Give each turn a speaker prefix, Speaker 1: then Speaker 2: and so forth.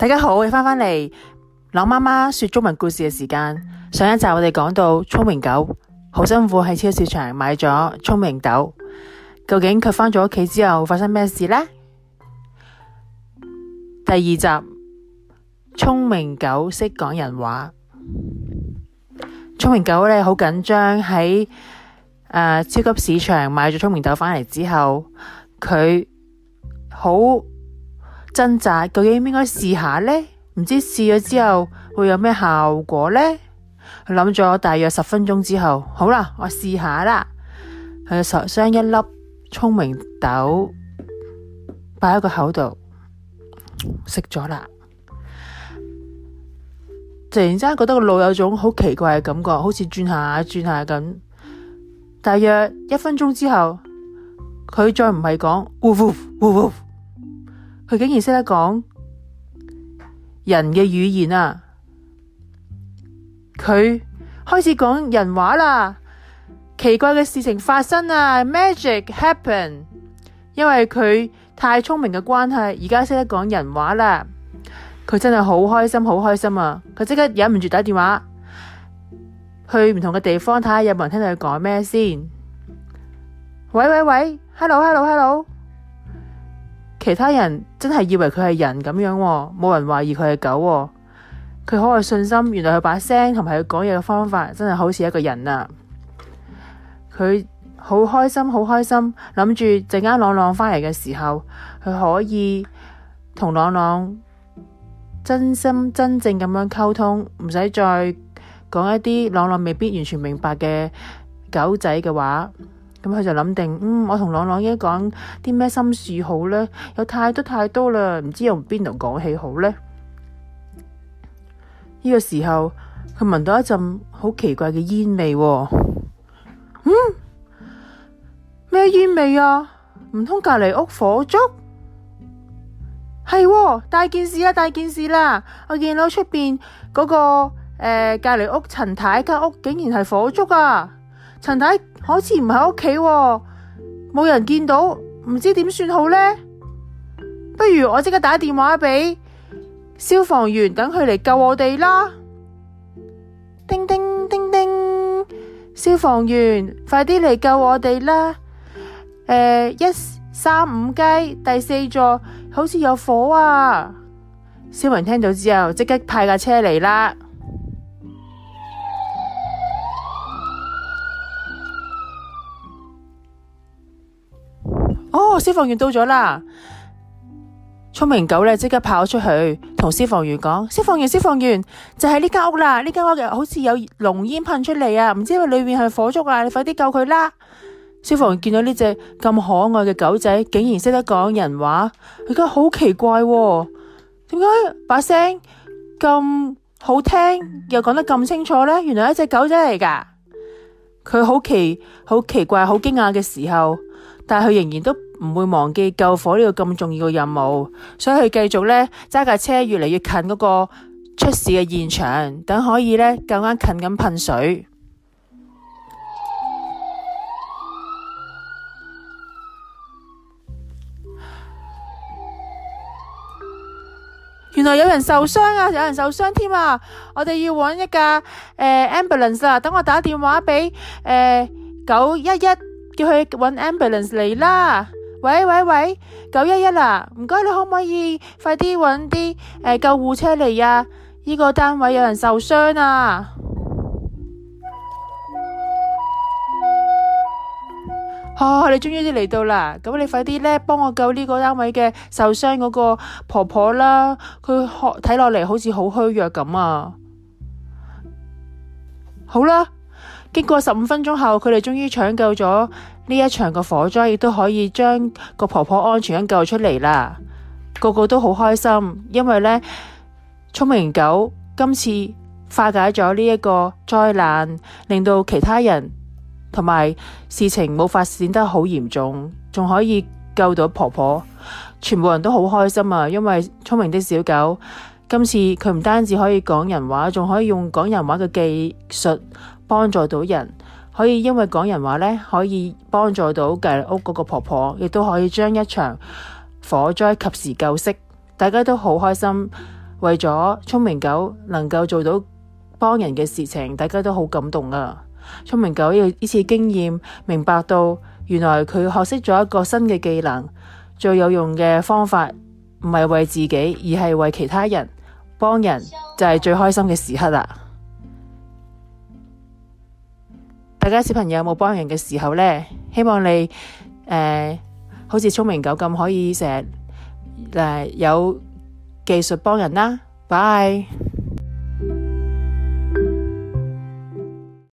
Speaker 1: 大家好，翻返嚟朗媽媽說中文故事嘅時間。上一集我哋講到聰明狗好辛苦喺超市場買咗聰明豆，究竟佢返咗屋企之後發生咩事呢？第二集，聰明狗識講人話。聰明狗呢好緊張喺，呃，超級市場買咗聰明豆返嚟之後，佢好掙扎，究竟應該試下呢？唔知試咗之後會有咩效果呢？諗咗大約十分鐘之後，好啦，我試下啦。佢就將一粒聰明豆擺喺個口度食咗啦。突然之間覺得個腦有種好奇怪嘅感覺，好似轉下轉下咁。大約一分鐘之後，佢再唔係講，嗚嗚嗚嗚。佢竟然識得講人嘅語言啊！佢開始講人話啦，奇怪嘅事情發生啊，Magic happen！因為佢太聰明嘅關係，而家識得講人話啦。佢真係好開心，好開心啊！佢即刻忍唔住打電話去唔同嘅地方睇下有冇人聽到佢講咩先。喂喂喂，Hello hello hello！其他人真係以為佢係人咁樣、哦，冇人懷疑佢係狗、哦。佢好有信心，原來佢把聲同埋佢講嘢嘅方法真係好似一個人啊！佢好開心，好開心，諗住陣間朗朗返嚟嘅時候，佢可以同朗朗真心真正咁樣溝通，唔使再講一啲朗朗未必完全明白嘅狗仔嘅話。咁佢就諗定，嗯，我同朗朗一講啲咩心事好呢？有太多太多啦，唔知由邊度講起好呢？呢、呢個時候佢聞到一陣好奇怪嘅煙味、哦，嗯，咩煙味啊？唔通隔籬屋火燭？係、哦、大件事啊！大件事啦、啊！我見到出邊嗰個誒隔籬屋陳太間屋竟然係火燭啊！陳太好似唔喺屋企，冇人見到，唔知點算好呢？不如我即刻打電話俾消防員，等佢嚟救我哋啦！叮，叮叮叮叮，消防員快啲嚟救我哋啦！誒、呃，一三五街第四座好似有火啊！消防員聽到之後，即刻派架車嚟啦！消防員到咗啦，聰明狗咧，即刻跑出去同消防員講：消防員，消防員，就喺呢間屋啦！呢間屋嘅好似有濃煙噴出嚟啊，唔知係咪裏面係火燭啊？你快啲救佢啦！消防員見到呢隻咁可愛嘅狗仔，竟然識得講人話，佢覺得好奇怪，點解把聲咁好聽又講得咁清楚呢？原來一隻狗仔嚟噶。佢好奇好奇怪，好驚訝嘅時候，但係佢仍然都。唔會忘記救火呢個咁重要嘅任務，所以佢繼續呢揸架車越嚟越近嗰個出事嘅現場，等可以呢夠啱近咁噴水。原來有人受傷啊！有人受傷添啊！我哋要搵一架誒 ambulance 啊！等我打電話俾誒九一一叫佢搵 ambulance 嚟啦。喂喂喂，九一一啦，唔該，你可唔可以快啲揾啲救護車嚟呀、啊？呢、這個單位有人受傷啊！吓、啊，你終於都嚟到啦，咁你快啲咧，幫我救呢個單位嘅受傷嗰個婆婆啦，佢睇落嚟好似好虛弱咁啊！好啦。經過十五分鐘後，佢哋終於搶救咗呢一場嘅火災，亦都可以將個婆婆安全咁救出嚟啦。個個都好開心，因為呢聰明狗今次化解咗呢一個災難，令到其他人同埋事情冇發展得好嚴重，仲可以救到婆婆。全部人都好開心啊，因為聰明的小狗今次佢唔單止可以講人話，仲可以用講人話嘅技術。幫助到人，可以因為講人話呢，可以幫助到隔屋嗰個婆婆，亦都可以將一場火災及時救熄，大家都好開心。為咗聰明狗能夠做到幫人嘅事情，大家都好感動啊！聰明狗要呢次經驗明白到，原來佢學識咗一個新嘅技能，最有用嘅方法，唔係為自己，而係為其他人。幫人就係、是、最開心嘅時刻啦。大家小朋友有冇幫人嘅時候呢？希望你誒、呃，好似聰明狗咁，可以成日誒有技術幫人啦。拜拜。